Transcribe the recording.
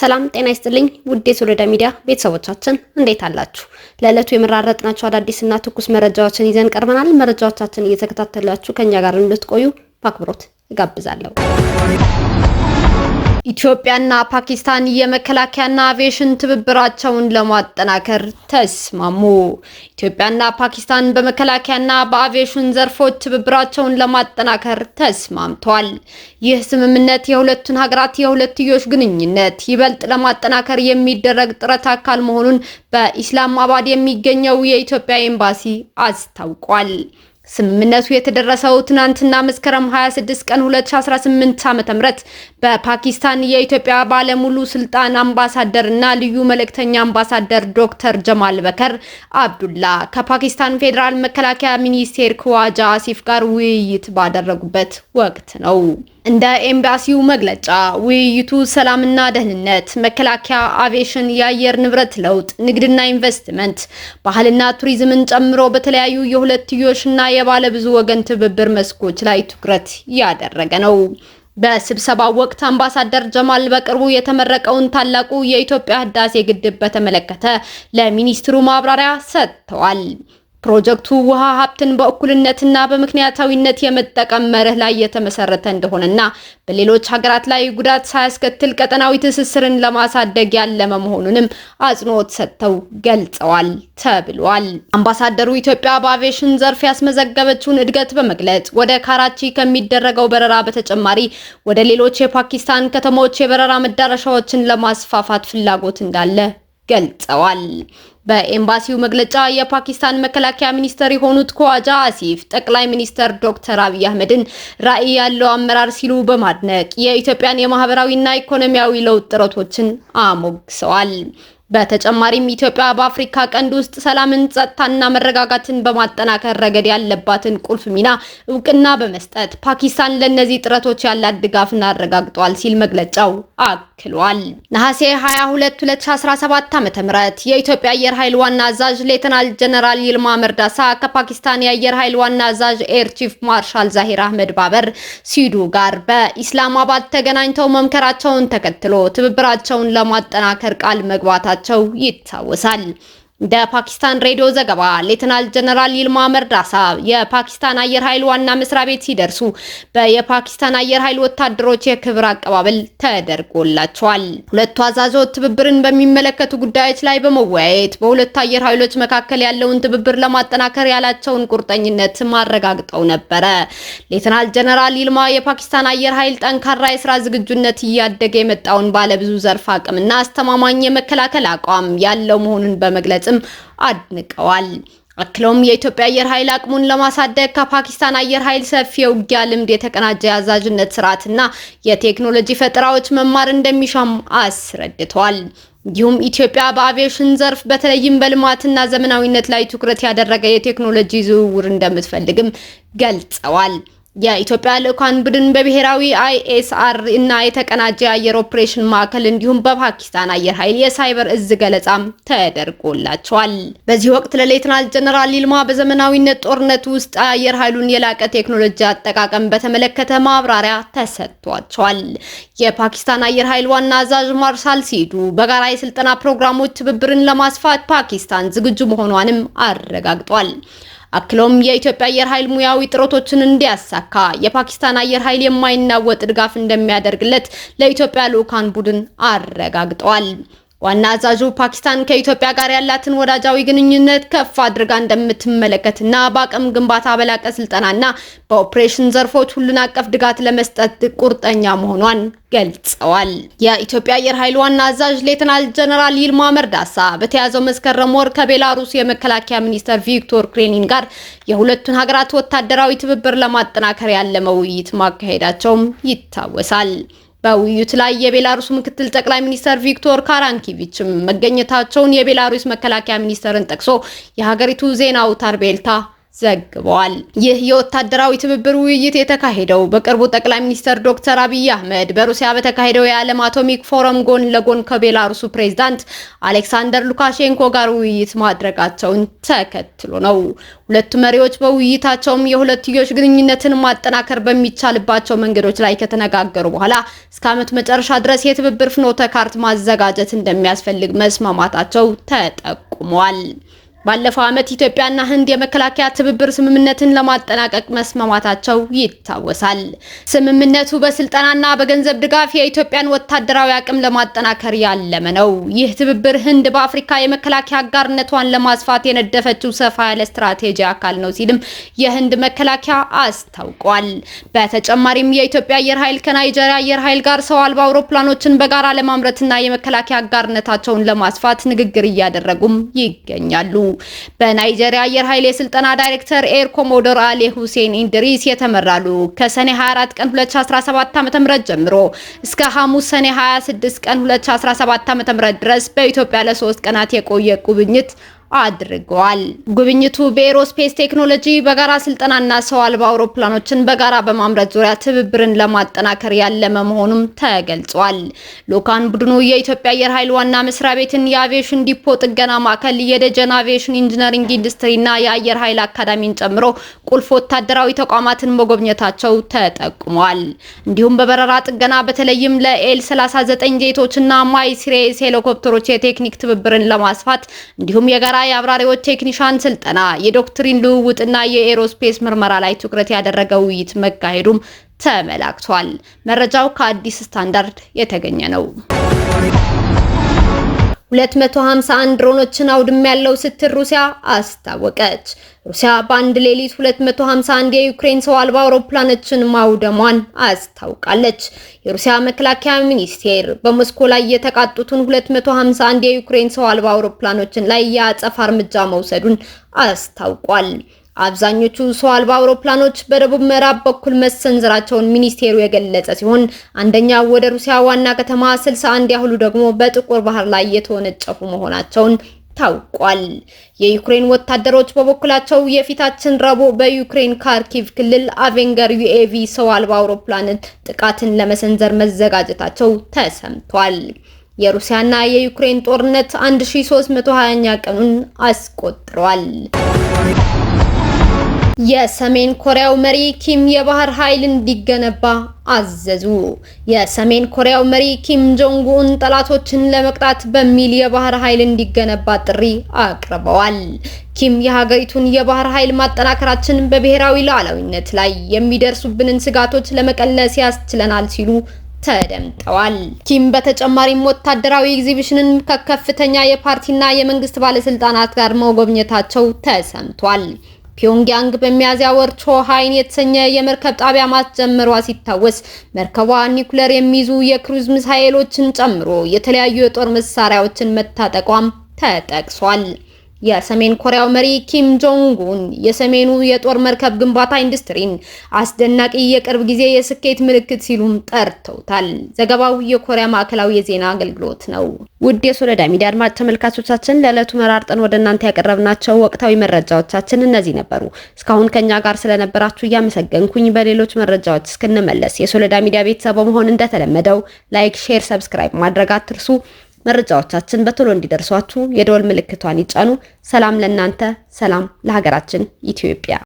ሰላም ጤና ይስጥልኝ ውዴ ሶሎዳ ሚዲያ ቤተሰቦቻችን እንዴት አላችሁ? ለዕለቱ የመራረጥናቸው አዳዲስና ትኩስ መረጃዎችን ይዘን ቀርበናል። መረጃዎቻችን እየተከታተላችሁ ከኛ ጋር እንድትቆዩ በአክብሮት እጋብዛለሁ። ኢትዮጵያና ፓኪስታን የመከላከያና አቪዬሽን ትብብራቸውን ለማጠናከር ተስማሙ። ኢትዮጵያና ፓኪስታን በመከላከያና በአቪዬሽን ዘርፎች ትብብራቸውን ለማጠናከር ተስማምተዋል። ይህ ስምምነት የሁለቱን ሀገራት የሁለትዮሽ ግንኙነት ይበልጥ ለማጠናከር የሚደረግ ጥረት አካል መሆኑን በኢስላማባድ የሚገኘው የኢትዮጵያ ኤምባሲ አስታውቋል። ስምምነቱ የተደረሰው ትናንትና መስከረም 26 ቀን 2018 ዓ.ም በፓኪስታን የኢትዮጵያ ባለሙሉ ስልጣን አምባሳደር እና ልዩ መልእክተኛ አምባሳደር ዶክተር ጀማል በከር አብዱላ ከፓኪስታን ፌዴራል መከላከያ ሚኒስቴር ክዋጃ አሲፍ ጋር ውይይት ባደረጉበት ወቅት ነው። እንደ ኤምባሲው መግለጫ ውይይቱ ሰላምና ደህንነት፣ መከላከያ፣ አቪዬሽን፣ የአየር ንብረት ለውጥ፣ ንግድና ኢንቨስትመንት፣ ባህልና ቱሪዝምን ጨምሮ በተለያዩ የሁለትዮሽና የባለብዙ ወገን ትብብር መስኮች ላይ ትኩረት ያደረገ ነው። በስብሰባው ወቅት አምባሳደር ጀማል በቅርቡ የተመረቀውን ታላቁ የኢትዮጵያ ህዳሴ ግድብ በተመለከተ ለሚኒስትሩ ማብራሪያ ሰጥተዋል። ፕሮጀክቱ ውሃ ሀብትን በእኩልነትና በምክንያታዊነት የመጠቀም መርህ ላይ የተመሰረተ እንደሆነና በሌሎች ሀገራት ላይ ጉዳት ሳያስከትል ቀጠናዊ ትስስርን ለማሳደግ ያለመ መሆኑንም አጽንኦት ሰጥተው ገልጸዋል ተብሏል። አምባሳደሩ ኢትዮጵያ በአቪዬሽን ዘርፍ ያስመዘገበችውን እድገት በመግለጽ ወደ ካራቺ ከሚደረገው በረራ በተጨማሪ ወደ ሌሎች የፓኪስታን ከተሞች የበረራ መዳረሻዎችን ለማስፋፋት ፍላጎት እንዳለ ገልጸዋል። በኤምባሲው መግለጫ የፓኪስታን መከላከያ ሚኒስተር የሆኑት ኮዋጃ አሲፍ ጠቅላይ ሚኒስተር ዶክተር አብይ አህመድን ራዕይ ያለው አመራር ሲሉ በማድነቅ የኢትዮጵያን የማህበራዊና ኢኮኖሚያዊ ለውጥ ጥረቶችን አሞግሰዋል። በተጨማሪም ኢትዮጵያ በአፍሪካ ቀንድ ውስጥ ሰላምን፣ ጸጥታና መረጋጋትን በማጠናከር ረገድ ያለባትን ቁልፍ ሚና እውቅና በመስጠት ፓኪስታን ለእነዚህ ጥረቶች ያላት ድጋፍን አረጋግጧል ሲል መግለጫው አክሏል። ነሐሴ 22 2017 ም የኢትዮጵያ አየር ኃይል ዋና አዛዥ ሌተናል ጀነራል ይልማ መርዳሳ ከፓኪስታን የአየር ኃይል ዋና አዛዥ ኤር ቺፍ ማርሻል ዛሂር አህመድ ባበር ሲዱ ጋር በኢስላማባድ ተገናኝተው መምከራቸውን ተከትሎ ትብብራቸውን ለማጠናከር ቃል መግባታቸው መግለጻቸው ይታወሳል። እንደ ፓኪስታን ሬዲዮ ዘገባ ሌተናል ጀነራል ይልማ መርዳሳ የፓኪስታን አየር ኃይል ዋና መስሪያ ቤት ሲደርሱ በየፓኪስታን አየር ኃይል ወታደሮች የክብር አቀባበል ተደርጎላቸዋል። ሁለቱ አዛዦች ትብብርን በሚመለከቱ ጉዳዮች ላይ በመወያየት በሁለቱ አየር ኃይሎች መካከል ያለውን ትብብር ለማጠናከር ያላቸውን ቁርጠኝነት ማረጋግጠው ነበረ። ሌተናል ጀነራል ይልማ የፓኪስታን አየር ኃይል ጠንካራ የስራ ዝግጁነት እያደገ የመጣውን ባለብዙ ዘርፍ አቅምና አስተማማኝ የመከላከል አቋም ያለው መሆኑን በመግለጽ ሲፈጽም አድንቀዋል። አክለውም የኢትዮጵያ አየር ኃይል አቅሙን ለማሳደግ ከፓኪስታን አየር ኃይል ሰፊ የውጊያ ልምድ፣ የተቀናጀ የአዛዥነት ስርዓትና የቴክኖሎጂ ፈጠራዎች መማር እንደሚሻም አስረድተዋል። እንዲሁም ኢትዮጵያ በአቪዬሽን ዘርፍ በተለይም በልማትና ዘመናዊነት ላይ ትኩረት ያደረገ የቴክኖሎጂ ዝውውር እንደምትፈልግም ገልጸዋል። የኢትዮጵያ ልዑካን ቡድን በብሔራዊ አይኤስአር እና የተቀናጀ የአየር ኦፕሬሽን ማዕከል እንዲሁም በፓኪስታን አየር ኃይል የሳይበር እዝ ገለጻም ተደርጎላቸዋል። በዚህ ወቅት ለሌትናል ጀነራል ይልማ በዘመናዊነት ጦርነት ውስጥ አየር ኃይሉን የላቀ ቴክኖሎጂ አጠቃቀም በተመለከተ ማብራሪያ ተሰጥቷቸዋል። የፓኪስታን አየር ኃይል ዋና አዛዥ ማርሻል ሲዱ በጋራ የስልጠና ፕሮግራሞች ትብብርን ለማስፋት ፓኪስታን ዝግጁ መሆኗንም አረጋግጧል። አክሎም የኢትዮጵያ አየር ኃይል ሙያዊ ጥረቶችን እንዲያሳካ የፓኪስታን አየር ኃይል የማይናወጥ ድጋፍ እንደሚያደርግለት ለኢትዮጵያ ልዑካን ቡድን አረጋግጠዋል። ዋና አዛዡ ፓኪስታን ከኢትዮጵያ ጋር ያላትን ወዳጃዊ ግንኙነት ከፍ አድርጋ እንደምትመለከትና በአቅም ግንባታ በላቀ ስልጠናና በኦፕሬሽን ዘርፎች ሁሉን አቀፍ ድጋት ለመስጠት ቁርጠኛ መሆኗን ገልጸዋል። የኢትዮጵያ አየር ኃይል ዋና አዛዥ ሌተናል ጀነራል ይልማ መርዳሳ በተያዘው መስከረም ወር ከቤላሩስ የመከላከያ ሚኒስተር ቪክቶር ክሬኒን ጋር የሁለቱን ሀገራት ወታደራዊ ትብብር ለማጠናከር ያለመ ውይይት ማካሄዳቸውም ይታወሳል። በውይይቱ ላይ የቤላሩስ ምክትል ጠቅላይ ሚኒስትር ቪክቶር ካራንኪቪች መገኘታቸውን የቤላሩስ መከላከያ ሚኒስትርን ጠቅሶ የሀገሪቱ ዜና አውታር ቤልታ ዘግበዋል። ይህ የወታደራዊ ትብብር ውይይት የተካሄደው በቅርቡ ጠቅላይ ሚኒስትር ዶክተር አብይ አህመድ በሩሲያ በተካሄደው የዓለም አቶሚክ ፎረም ጎን ለጎን ከቤላሩሱ ፕሬዝዳንት አሌክሳንደር ሉካሼንኮ ጋር ውይይት ማድረጋቸውን ተከትሎ ነው። ሁለቱ መሪዎች በውይይታቸውም የሁለትዮሽ ግንኙነትን ማጠናከር በሚቻልባቸው መንገዶች ላይ ከተነጋገሩ በኋላ እስከ ዓመቱ መጨረሻ ድረስ የትብብር ፍኖተ ካርት ማዘጋጀት እንደሚያስፈልግ መስማማታቸው ተጠቁሟል። ባለፈው ዓመት ኢትዮጵያና ህንድ የመከላከያ ትብብር ስምምነትን ለማጠናቀቅ መስማማታቸው ይታወሳል። ስምምነቱ በስልጠናና በገንዘብ ድጋፍ የኢትዮጵያን ወታደራዊ አቅም ለማጠናከር ያለመ ነው። ይህ ትብብር ህንድ በአፍሪካ የመከላከያ አጋርነቷን ለማስፋት የነደፈችው ሰፋ ያለ ስትራቴጂ አካል ነው ሲልም የህንድ መከላከያ አስታውቋል። በተጨማሪም የኢትዮጵያ አየር ኃይል ከናይጄሪያ አየር ኃይል ጋር ሰው አልባ አውሮፕላኖችን በጋራ ለማምረትና የመከላከያ አጋርነታቸውን ለማስፋት ንግግር እያደረጉም ይገኛሉ። በናይጄሪያ አየር ኃይል የስልጠና ዳይሬክተር ኤር ኮሞዶር አሊ ሁሴን ኢንድሪስ የተመራሉ ከሰኔ 24 ቀን 2017 ዓ.ም ጀምሮ እስከ ሐሙስ ሰኔ 26 ቀን 2017 ዓ.ም ድረስ በኢትዮጵያ ለሶስት ቀናት የቆየ ጉብኝት አድርገዋል። ጉብኝቱ በኤሮስፔስ ቴክኖሎጂ በጋራ ስልጠናና ሰው አልባ አውሮፕላኖችን በጋራ በማምረት ዙሪያ ትብብርን ለማጠናከር ያለመ መሆኑም ተገልጿል። ልዑካን ቡድኑ የኢትዮጵያ አየር ኃይል ዋና መስሪያ ቤትን፣ የአቪዬሽን ዲፖ ጥገና ማዕከል፣ የደጀን አቪዬሽን ኢንጂነሪንግ ኢንዱስትሪና የአየር ኃይል አካዳሚን ጨምሮ ቁልፍ ወታደራዊ ተቋማትን መጎብኘታቸው ተጠቁሟል። እንዲሁም በበረራ ጥገና በተለይም ለኤል 39 ጄቶችና ማይ ሲሪስ ሄሊኮፕተሮች የቴክኒክ ትብብርን ለማስፋት እንዲሁም የጋራ የአብራሪዎች ቴክኒሻን ስልጠና፣ የዶክትሪን ልውውጥና የኤሮስፔስ ምርመራ ላይ ትኩረት ያደረገ ውይይት መካሄዱም ተመላክቷል። መረጃው ከአዲስ ስታንዳርድ የተገኘ ነው። 251 ድሮኖችን አውድም ያለው ስትል ሩሲያ አስታወቀች። ሩሲያ በአንድ ሌሊት 251 የዩክሬን ሰው አልባ አውሮፕላኖችን ማውደሟን አስታውቃለች። የሩሲያ መከላከያ ሚኒስቴር በሞስኮ ላይ የተቃጡትን 251 የዩክሬን ሰው አልባ አውሮፕላኖችን ላይ የአጸፋ እርምጃ መውሰዱን አስታውቋል። አብዛኞቹ ሰው አልባ አውሮፕላኖች በደቡብ ምዕራብ በኩል መሰንዘራቸውን ሚኒስቴሩ የገለጸ ሲሆን አንደኛው ወደ ሩሲያ ዋና ከተማ 61 ያህሉ ደግሞ በጥቁር ባህር ላይ የተወነጨፉ መሆናቸውን ታውቋል። የዩክሬን ወታደሮች በበኩላቸው የፊታችን ረቡዕ በዩክሬን ካርኪቭ ክልል አቬንገር ዩኤቪ ሰው አልባ አውሮፕላን ጥቃትን ለመሰንዘር መዘጋጀታቸው ተሰምቷል። የሩሲያና የዩክሬን ጦርነት 1320ኛ ቀኑን አስቆጥሯል። የሰሜን ኮሪያው መሪ ኪም የባህር ኃይል እንዲገነባ አዘዙ። የሰሜን ኮሪያው መሪ ኪም ጆንግ ኡን ጠላቶችን ለመቅጣት በሚል የባህር ኃይል እንዲገነባ ጥሪ አቅርበዋል። ኪም የሀገሪቱን የባህር ኃይል ማጠናከራችን በብሔራዊ ሉዓላዊነት ላይ የሚደርሱብንን ስጋቶች ለመቀነስ ያስችለናል ሲሉ ተደምጠዋል። ኪም በተጨማሪም ወታደራዊ ኤግዚቢሽንን ከከፍተኛ የፓርቲና የመንግስት ባለስልጣናት ጋር መጎብኘታቸው ተሰምቷል። ፒዮንግያንግ በሚያዝያ ወር ቾሃይን የተሰኘ የመርከብ ጣቢያ ማስጀመሯ ሲታወስ መርከቧ ኒኩለር የሚይዙ የክሩዝ ሚሳኤሎችን ጨምሮ የተለያዩ የጦር መሳሪያዎችን መታጠቋም ተጠቅሷል። የሰሜን ኮሪያው መሪ ኪም ጆንግ ኡን የሰሜኑ የጦር መርከብ ግንባታ ኢንዱስትሪን አስደናቂ የቅርብ ጊዜ የስኬት ምልክት ሲሉም ጠርተውታል። ዘገባው የኮሪያ ማዕከላዊ የዜና አገልግሎት ነው። ውድ የሶለዳ ሚዲያ አድማጭ ተመልካቾቻችን ለዕለቱ መራርጠን ወደ እናንተ ያቀረብናቸው ወቅታዊ መረጃዎቻችን እነዚህ ነበሩ። እስካሁን ከኛ ጋር ስለነበራችሁ እያመሰገንኩኝ በሌሎች መረጃዎች እስክንመለስ የሶለዳ ሚዲያ ቤተሰብ መሆን እንደተለመደው ላይክ፣ ሼር፣ ሰብስክራይብ ማድረግ አትርሱ። መረጃዎቻችን በቶሎ እንዲደርሷችሁ የደወል ምልክቷን ይጫኑ። ሰላም ለእናንተ፣ ሰላም ለሀገራችን ኢትዮጵያ።